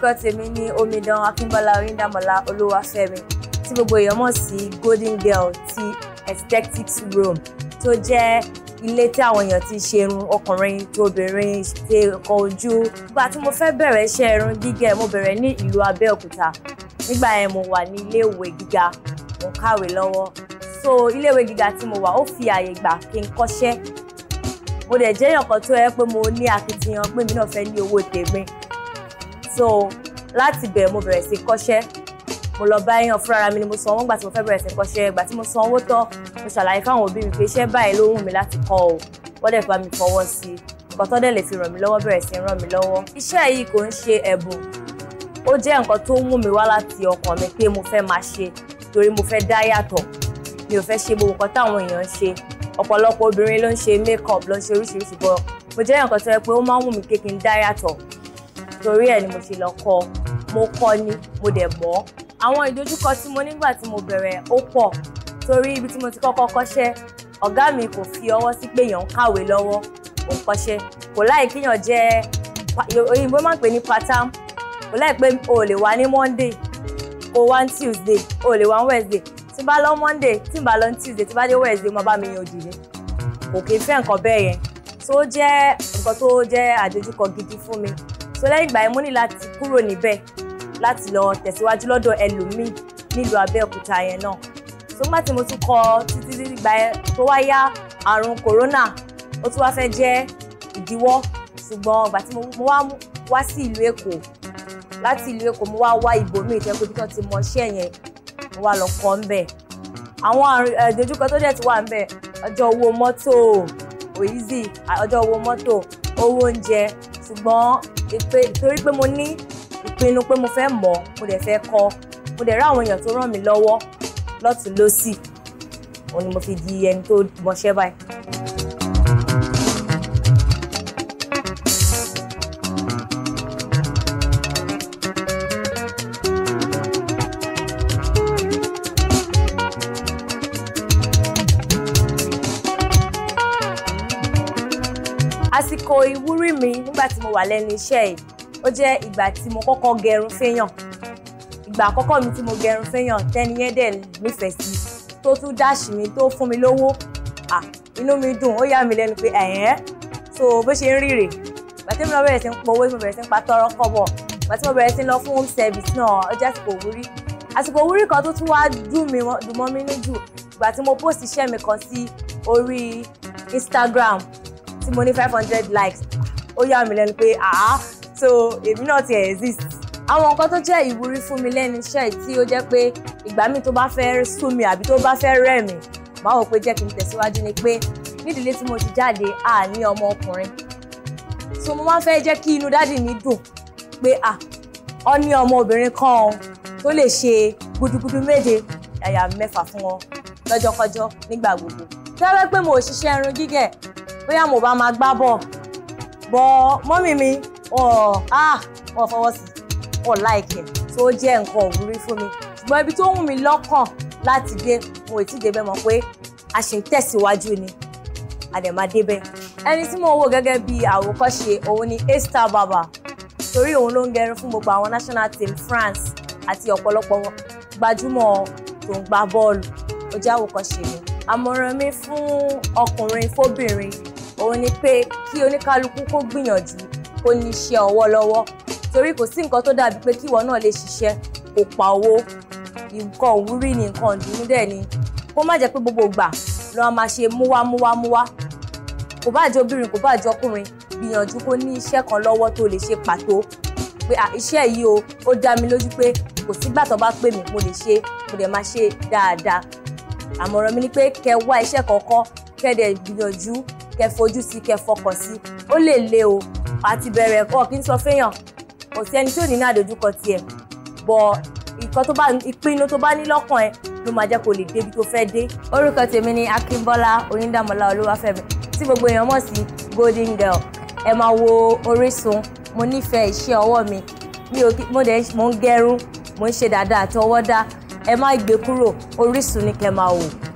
orúkọ tèmi ni omidan akínbọ́lá oyindamola olúwafẹ́mi tí gbogbo èèyàn mọ̀ sí golden girl ti aesthetics room tó jẹ́ ilé tí àwọn èèyàn ti ṣe irun ọkùnrin tóbìnrin ṣe ọkọ̀ ojú nígbà tí mo fẹ́ bẹ̀rẹ̀ iṣẹ́ irun gígẹ̀ mo bẹ̀rẹ̀ ní ìlú abẹ́òkúta nígbà yẹn mo wà ní iléèwé gíga mo kàwé lọ́wọ́ so iléèwé gíga tí mo wà ó fi àyè gbà kí n kọ́ṣẹ́ mo dẹ̀ jẹ́ èèyàn kan tó yẹ pé mo ní akitiyan pé mi náà fẹ́ ní owó tèmi so láti bẹ̀ mo bẹ̀rẹ̀ sí kọ́ṣẹ́ mo lọ bá èèyàn fúnra mi ni mo sanwó gbà tí mo fẹ́ bẹ̀rẹ̀ sí kọ́ṣẹ́ ìgbà tí mo sanwó tán mo ṣàlàyé fáwọn òbí mi pé iṣẹ́ báyìí ló wù mí láti kọ́ o wọ́n dẹ̀ bá mi fọwọ́ sí i nǹkan tó dẹ̀ lè fi ràn mí lọ́wọ́ bẹ̀rẹ̀ sí ràn mí lọ́wọ́. iṣẹ́ yìí kò ń ṣe ẹ̀bùn ó jẹ́ nǹkan tó mú mi wá láti ọkàn mi pé mo fẹ́ máa ṣe torí mo fẹ́ dá yàtọ̀ mi ò fẹ́ ṣe gbogbo nǹkan táwọn èèyàn ń ṣe ọ̀pọ̀lọpọ̀ obìnrin ló ń ṣe make up ló ń ṣe oríṣiríṣi bọ́ mo jẹ́ nǹkan tó yẹ pé ó máa ń wù mí kékin dá yàtọ̀ torí ẹ̀ ni mo ṣe lọ kọ́ mo kọ́ ni mo dẹ̀ mọ̀ àwọn ìdojúkọ tí mo nígbà tí mo bẹ̀rẹ̀ ó pọ̀ torí ibi tí mo ti kọ́kọ́ kọ́ṣẹ́ ọ̀gá mi kò fi ọwọ́ sí pé èèyàn kàwé lọ́wọ́ ò ń kò láì kíyàn jẹ́ òyìnbó máa ń pè ní patam kò láì pé o lè wá ní monday o wá ní tuesday o lè wá ní wednesday tí bá lọ monday tí bá lọ ní tuesday tí bá dé wednesday mo bá mi yan òdìrí kò kì í fẹ́ nǹkan bẹ́ẹ̀ yẹn tó jẹ́ nǹkan tó jẹ́ àdojúkọ gidi fún mi so lẹ́yìn ìgbà yẹn mo ní láti kúrò níbẹ̀ láti lọ tẹ̀síwájú lọ́dọ̀ ẹlòmíì nílùú Abẹ́òkúta yẹn náà so nígbà tí mo tún kọ títí ìgbà yẹn tó wá yá àrùn kòrónà ó tún wá fẹ́ jẹ́ ìdíwọ́ ṣùgbọ́n ìgbà tí mo wá wá sí ìlú Èkó láti ìlú Èkó mo wá wá ibòmíì ìtẹ́kùn tí wọ́n ti mọ iṣẹ́ yẹn mo wá lọ kọ́ ń bẹ̀ àwọn eh, ìdojúkọ tó dẹ̀ ti wà ń ọjọ́ owó mọ́tò òyìnbí ọjọ́ owó mọ́tò owó oúnjẹ ṣùgbọ́n pé torí pé mo ní ìpinnu pé mo fẹ́ mọ̀ mo dẹ̀ fẹ́ kọ́ mo dẹ̀ rá àwọn èèyàn tó ràn mí lọ́wọ́ lọ́tùn lósì òun ni mo fi di ẹni tó mọṣẹ́ báyìí. àsìkò ìwúrí mi nígbà tí mo wà lẹ́nu iṣẹ́ yìí ó jẹ́ ìgbà tí mo kọ́kọ́ gẹrun fẹ́yàn ìgbà àkọ́kọ́ mi tí mo gẹrun fẹ́yàn tẹ́ni yẹn dẹ̀ nífẹ̀ẹ́ sí tó tún dáṣì mi tó fún mi lówó ah inú mi dùn ó yà mí lẹ́nu pé ẹ̀hẹ́n so bó ṣe ń rí rèé ìgbà tí mo bẹ̀rẹ̀ sí ń powó mo bẹ̀rẹ̀ sí ń pa tọrọ kọ́bọ̀ ìgbà tí mo bẹ̀rẹ̀ sí ń lọ fún home service náà ó jẹ́ àsìkò ìwúrí àsìkò ìwúrí kan tó tún wá dùn mọ́ mi níjù ìgbà tí mo post iṣẹ́ mi kan sí orí Instagram tí mo ní five hundred likes ó yà mí lẹ́nu pé àá so èmi náà ti exist. àwọn nǹkan tó jẹ́ ìwúrí fún mi lẹ́nu iṣẹ́ tí ó jẹ́ pé ìgbà míì tó bá fẹ́ sú mi àbí tó bá fẹ́ rẹ̀ mí máa wò pé jẹ́ kí n tẹ̀síwájú ni pé nídìílé tí mo ti jáde a ní ọmọ ọkùnrin so mo máa fẹ́ jẹ́ kí inú dádì mi dùn pé à ọ ní ọmọ obìnrin kan tó lè ṣe gudugudu méje àyà mẹ́fà fún wọn lọ́jọ́kọ́jọ́ nígbà gbogbo. tí pé mo ò ṣiṣẹ́ irun gígẹ̀ bóyá mo bá máa gbá bọ̀ bọ̀ mọ́mì mi ọ̀ ah, fọwọ́ sí ọ̀ láìkẹ̀ tó jẹ́ nǹkan òwúrí fún mi ṣùgbọ́n ibi tó wù mí lọ́kàn láti dé mo ì tí ì débẹ̀ mọ̀ pé a ṣì ń tẹ̀síwájú ni àdèmàdébẹ̀ ẹni tí mo wò gẹ́gẹ́ bí àwòkọ́ṣe òun ni Esther Baba torí òun ló ń gẹrun fún gbogbo àwọn national team France àti ọ̀pọ̀lọpọ̀ gbajúmọ̀ tó ń gbá bọ́ọ̀lù ó jẹ́ àwòkọ́ṣe mi àmọ̀ràn mi fún ọkùnrin fóbìnrin òun ni pé kí oníkálukú kó gbìyànjú kó ní iṣẹ́ ọwọ́ lọ́wọ́ torí kò sí nǹkan tó dàbí pé kíwọ náà lè ṣiṣẹ́ kó pa owó nǹkan òwúrí ni nǹkan ìdùnnú dẹ̀ ni kó má jẹ́ pé gbogbo ìgbà ló máa ṣe múwámúwámúwá kò bá jẹ́ obìnrin kò bá jẹ́ ọkùnrin gbìyànjú kó ní iṣẹ́ kan lọ́wọ́ tó lè ṣe pàtó pé iṣẹ́ yìí o ó dá mi lójú pé kò sígbà tó bá pè mí mo lè ṣe mo dẹ̀ máa ṣe dáadáa àmọ̀ràn mi ni pé kẹ́ wá iṣẹ́ kọ̀ọ̀kan kẹ́ dẹ̀ gbìyànjú kẹ fojú sí kẹ fọkàn sí ó lè le o àti bẹ̀rẹ̀ ẹ̀kọ́ kí n sọ fẹ́yàn kò sí ẹni tí ò ní ní àdójúkọ tiẹ̀ bọ̀ ìkan tó bá ìpinnu tó bá ní lọ́kàn ẹ ló máa jẹ́ kó lè débi tó fẹ́ dé. orúkọ tèmi ni Akínbọ́lá Oyíndàmọ́lá Olúwafẹ́mi tí gbogbo èèyàn mọ̀ sí golden girl ẹ máa wo Orísun mo nífẹ̀ẹ́ iṣẹ́ ọwọ́ mi mi ò mo dẹ̀ mo ń gẹrun mo ń ṣe dáadáa àtọwọ́dá ẹ má gbé kúrò Orísun ni kẹ́ máa wò.